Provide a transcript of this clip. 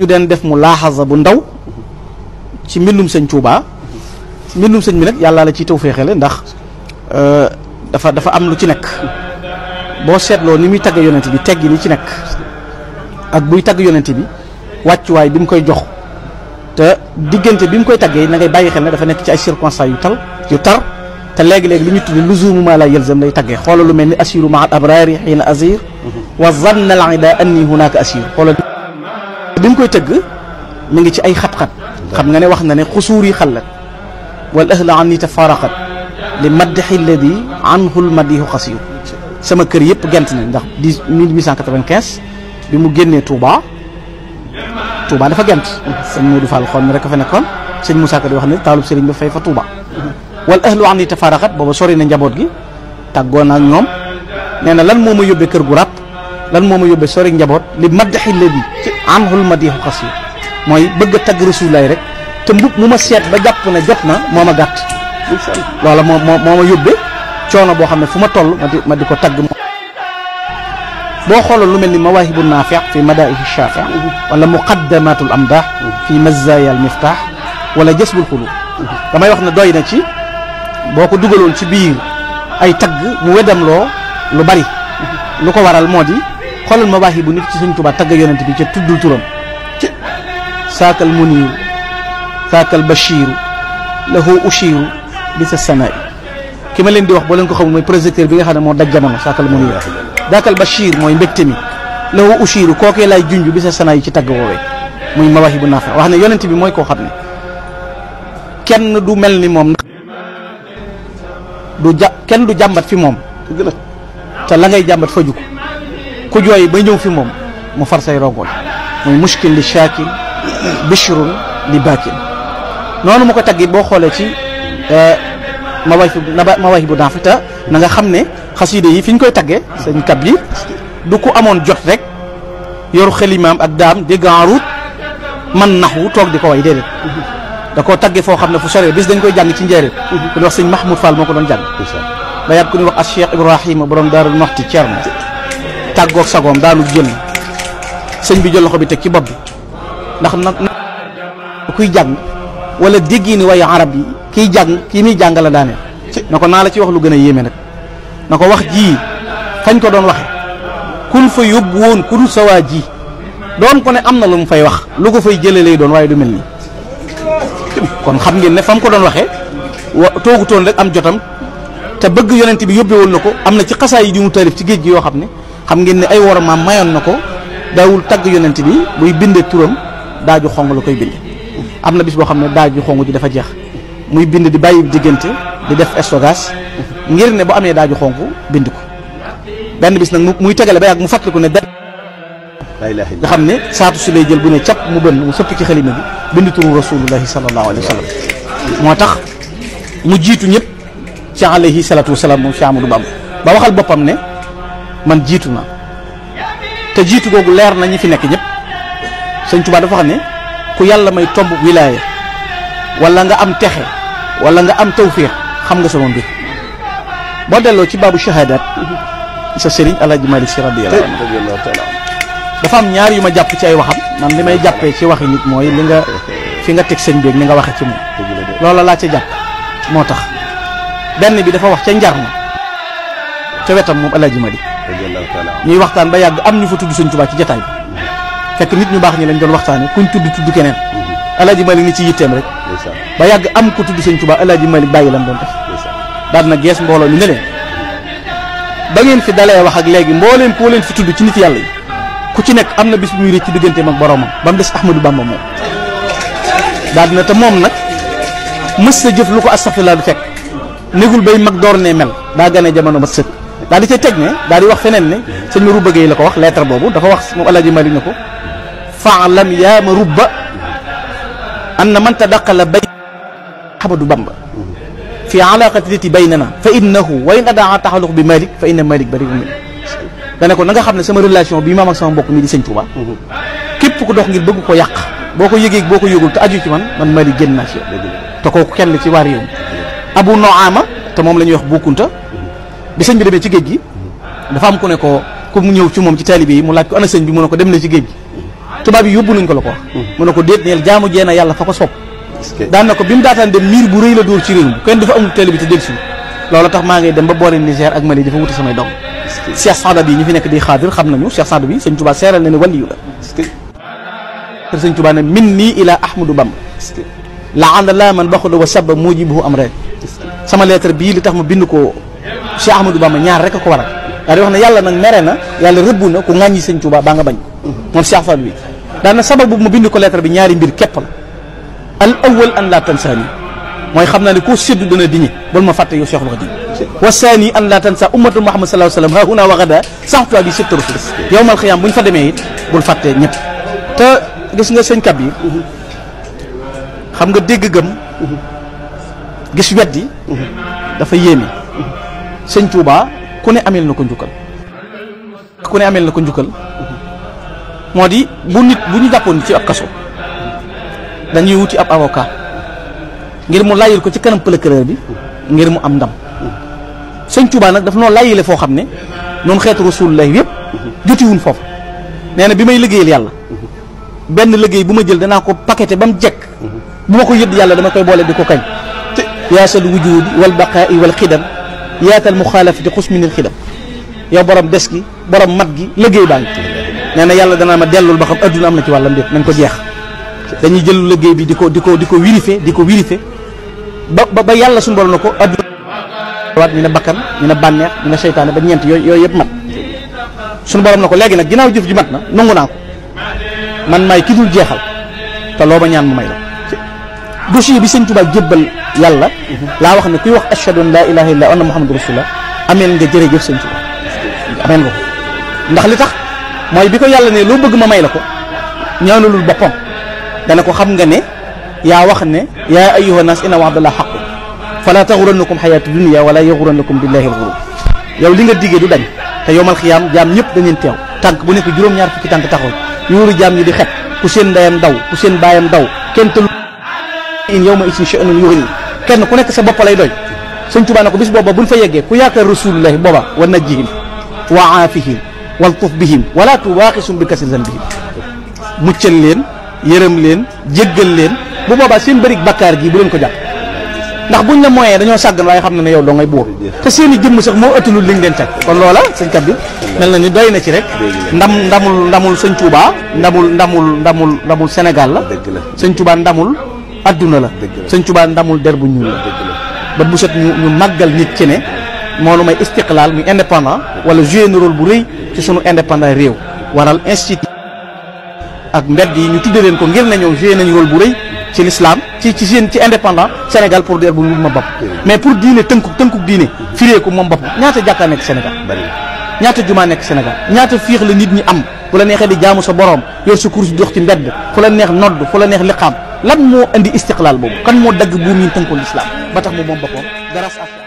ñu den def mu laaxasa bu ndaw ci mbindum sëñ Touba mbindum bi nag yàlla la ciy taw féexale ndax euh, dafa dafa am lu ci nekk boo seetloo ni muy tagg yonent bi teggi ni ci nekk ak buy tagg yonent bi wàccuwaay bi mu koy jox te bi mu koy taggee na ngay bàyyi xel na dafa nekk ci ay circonstances yu tal yu tar te léegi-léegi lu ñu tuddi luzumu ma lay yelzam lay taggee xoola lu mel ni asiru ma al abrari xiina asir mhm. wa zanna al ida anni hunaka bi mu koy tëgg mu ngi ci ay xat-xat xam nga ne wax na ne xusuuri xallat wal ahla an ni tafaraqat li maddaxi lladi anhul madihu xasiyu sama kër yëpp gent na ndax dix mille huit cent quatre vingt mu génnee Touba Touba dafa gent sëñ Modou Fall xoon rek fa nekkoon sëñ mu Ka di wax ne taalub sëriñ ba fay fa Touba wal ahlu an ni tafaraqat booba sori na njaboot gi tàggoon na ak ñoom nee na lan moo ma yóbbee kër gu ràpp lan moo ma yóbbee sori njaboot li maddaxi lladi an xul ma dixu xas yi mooy bëgg a tagg rasulaay rek te mbub mu ma seet ba jàpp ne jot na moo ma gàtt loola moo moo ma yóbbe coono boo xam ne fu ma toll ma di ma di ko tagg mo boo xooloon lu mel ni mawaahibu naafiq fi madaihi shaafi wala muqaddamatul amdah fi mazaya al miftah wala jasbul xulub damay wax ne doy na ci boo ko dugaloon ci biir ay tag mu wedam loo lu bari lu ko waral moo di xoolal ma baax yi bu nit ci sëñ Tuubaa tagg yonent bi ca tuddul turam ca saakal muniiru saakal bashiiru lahu ushiiru bi sa sanaa ki ma leen di wax boo leen ko xamul mooy projecteur bi nga xam ne moo daj jamono saakal muniiru daakal bashiir mooy mbégte mi lahu ushiiru kookee laay junj bi sa sanaa yi ci tagg woowee muy ma baax bu naafa wax ne yonent bi mooy koo xam ne kenn du mel ni moom du ja kenn du jàmbat fi moom te la ngay jàmbat faju ko ku jooy ba ñëw fi moom mu far say rongoñ muy mushkil li shaakin bishrun li baakin noonu mu ko taggee boo xoolee ci ma Naafi bu na nanga xam ne xasiide yi fi ñu koy taggee sëñ kab yi du ko amoon jot rek yoru xelimaam ak daam di gaaruut man naxwu toog di ko way déedéet da koo tagge foo xam ne fu sore bis dañ koy jàng ci njëriñ ku ñu wax sëñ Mahmoud Fall moo ko doon jàng ba yàgg ku ñu wax ak Cheikh Ibrahima borom Daarul Moxti Cerno tàggoog sagoom daanu génn sëñ bi jël loxo bi teg ci bopp bi ndax nag kuy jàng wala déggi ni waaye arab yi kiy jàng ki muy jàng la daaneel na ko naa la ci wax lu gën a yéeme nag na ko wax ji fañ ko doon waxe kun fa yóbbu woon ku dul sa waa ji doon ko ne am na lu mu fay wax lu ko fay jëlee lay doon waaye du mel nii kon xam ngeen ne fa mu ko doon waxee wa toogutoon rek am jotam te bëgg yonent bi yóbbe woon na ko am na ci xasaa yi di mu taalif ci géej gi yoo xam ne xam ngeen ne ay wormaam mayoon na ko daawul tagg yonent bi muy bindee turam daaju xong la koy bind am na bis boo xam ne daaju xong ji dafa jeex muy bind di bàyyi diggante di def estogas ngir ne amee daaju xong bind ko benn bis nag muy tegale ba yàgg mu fàttaliku ne nga xam ne saatu si lay jël bu ne cap mu bënn mu sëpp ci xalima bi bind turu rasulullahi sallallahu alayhi wa moo tax mu jiitu ñëpp ci alayhi salatu wasalaam moom Cheikh Amadou Bamba ba waxal boppam ne man jiitu na te jiitu googu leer na ñi fi nekk ñëpp sëñ Tuubaa dafa xam ne ku yàlla may tomb wilaaya walla nga am texe wala nga am tawfiix xam nga sa sama bi boo delloo ci baabu shahaadaat sa sëriñ Alaaji Maalik Si radiyallaahu anhu dafa am ñaari yu ma jàpp ci ay waxam man li may jàppee ci waxi nit mooy li nga fi nga teg sëñ bi ni nga waxe ci moom loola laa ca jàpp moo tax benn bi dafa wax ca njar ma te wetam moom Alaaji ñuy waxtaan ba yàgg am ñu fa tudd sëñ Tuubaa ci jataay bi fekk nit ñu baax ñi lañ doon waxtaane kuñ tudd tudd keneen mhm. alaaji Malik ni ci yitteem rek ba yàgg am ko tudd sëñ Tuubaa alaaji Malik bàyyi lam doon def daal na gees mbooloo mi ne leen ba ngeen fi dalee wax ak léegi mbooleem koo leen fi tudd ci nit yàlla yi ku ci nekk am na bis bu muy rëcc ci digganteem ak boromam ba mu des Ahmadou Bamba moom daal na te moom nag mës sa jëf lu ko astaxfirlaa du fekk négul bay mag door mel daa gane jamono ma daal di ca teg ne daal di wax feneen ne sëñ ma rubba Gueye la ko wax lettre boobu dafa wax moom El Hadj Malick ne ko faalam yaa ma rubba an na mënta daqala bay xamadu bamba fi alaqati baynana fa innahu wa in adaa taxaluq bi malik fa inna malik bari min dane ko na nga xam ne sama relation bi maam ak sama mbokk mi di sëñ Touba képp ku dox ngir bëgg ko yàq boo ko yëgee boo ko yëgul te aju ci man man malik génn naa si yow te koo kenn ci waar réew mi abu noama te moom la ñuy wax bukunta bi sëñ bi demee ci géej gi dafa am ku ne ko ku mu ñëw ci moom ci taalibe yi mu laaj ko ana sëñ bi mu ne ko dem na ci géej gi tubaab yi yóbbu nañ ko la ko wax mu ne ko déet neel jaamu jeena yàlla fa ko sopp daan na ko bi mu daataan dem miir bu rëy la dóor ci réew mi kenn dafa amul taalibe te dellusi loolu tax maa ba boole Niger ak Mali dafa bi ñu fi nekk di xaadir xam nañu Cheikh Sada bi sëñ Tuubaa seeral na ne waliyu la sëñ Tuubaa ne min nii ilaa Ahmadou Bamba la ànd laa man baxuda wa saba mujibuhu am rek sama lettre bii li tax ma bind ko Cheikh Ahmadou Bamba ñaar rek a ko waral daal di wax na yàlla nag mere na yàlla rëbbu na ku ŋàññi sëñ Touba baa nga bañ moom Cheikh Fall bi daana sabab bu ma bind ko lettre bi ñaari mbir képp la al awwal an laa tansaani mooy xam naa ni koo séddu dana diñe bul ma fàtte yow Cheikh Khadim wa saani an laa tansa ummatu Muhammad sallallahu alayhi wa sallam hahuna wa gada saxtuwaa bi sëttaru fi yow mal xiyaam bu ñu fa demee it bul fàtte ñëpp te gis nga sëñ kab xam nga dégg gëm gis weddi dafa sëñ ku ne ameel na ko njukkal ku ne ameel na ko njukkal moo di bu nit bu ñu jàppoon ci ab kaso dañuy wuti ab avocat ngir mu layil ko ci kanam procureur bi ngir mu am ndam sëñ nag daf noo layile foo xam ne noonu xeetu rasulullah yëpp jotiwuñ foofu nee na bi may liggéeyal yàlla benn liggéey bu ma jël danaa ko paqueté ba mu jekk bu ma ko yëdd yàlla dama koy boole di ko kañ yaa sal wujudi wal baqaa'i wal xidam yaatal mu xaalafati xus mi nil xidam yow borom des gi borom mat gi liggéey baa ngi nee na yàlla danaa ma dellul ba xam adduna am na ci wàllam déet nañ ko jeex dañuy jël liggéey bi di ko di ko di ko wirifé di ko wirifé ba ba yàlla suñu borom na ko adduna waat ñu ne bakkan ñu ne bànneex ñu ne seytaane ba ñeent yooyu yooyu yëpp mat suñu borom na ko léegi nag ginnaaw jëf ji mat na nangu naa ko man maay ki dul jeexal te loo ma ñaan mu may la dossier bi sëñ Tuubaa jébbal yàlla laa wax ne kuy wax ashhadu an laa ilaaha illallaah wa anna muhammadu rasulullah ameel nga jërëjëf ndax li tax mooy bi ko yàlla ne loo bëgg ma may la ko ñaanalul boppam dana ko xam nga ne yaa wax ne yaa ayyuha naas inna wa'dallaahi haqqun falaa taxurannakum xayaatu ya wala yaxurannakum billaahi l-xuruur yow li nga diggee du dañ te yowmal xiyaam jaam ñëpp dañeen teew tànk bu nekk juróom-ñaar fukki tànk taxaw yuuru jaam ñi di xet ku seen ndeyam daw seen baayam daw kenn in yow ma kenn ku nekk sa bopp lay doy sëñ Tuubaa na ko bis booba buñ fa yeggee ku yaakaar rasulullahi booba wa najjihim wa aafihim waltuf bihim wala tuwaaqisum bi kasri zanbihim muccal leen yërëm leen jéggal leen bu boobaa seen bërig bakkaar gi bu ko jàpp ndax buñ la moyen dañoo sàggan waaye xam na ne yow doo ngay buur te seen i jëmm sax moo ëttalul liñ leen teg kon loola sëñ kat bi mel na ni na ci rek ndam ndamul ndamul sëñ Tuubaa ndamul ndamul ndamul ndamul Sénégal la sëñ Tuubaa ndamul adduna la sëñ Tuubaa ndamul der bu ñuul ba bu set ñu ñu màggal nit ci ne moo nu may istiqlaal muy indépendant wala joué na rôle bu rëy ci sunu indépendant réew waral institut ak mbedd yi ñu tudde leen ko ngir ne ñoom joué nañu rôle bu rëy ci l'islam ci ci seen ci indépendant Sénégal pour der bu ñuul ma bopp mais pour diine tënku tënku diine firee ko moom bopp ñaata jàkka nekk Sénégal ñaata jumaa nekk Sénégal ñaata fiix la nit ñi am bu la neexee di jaamu sa borom yor sa course di dox ci mbedd fu la lan moo indi istiqlaal boobu kan moo dagg buum yi tënkoon lislaam ba tax mu moom boppam dara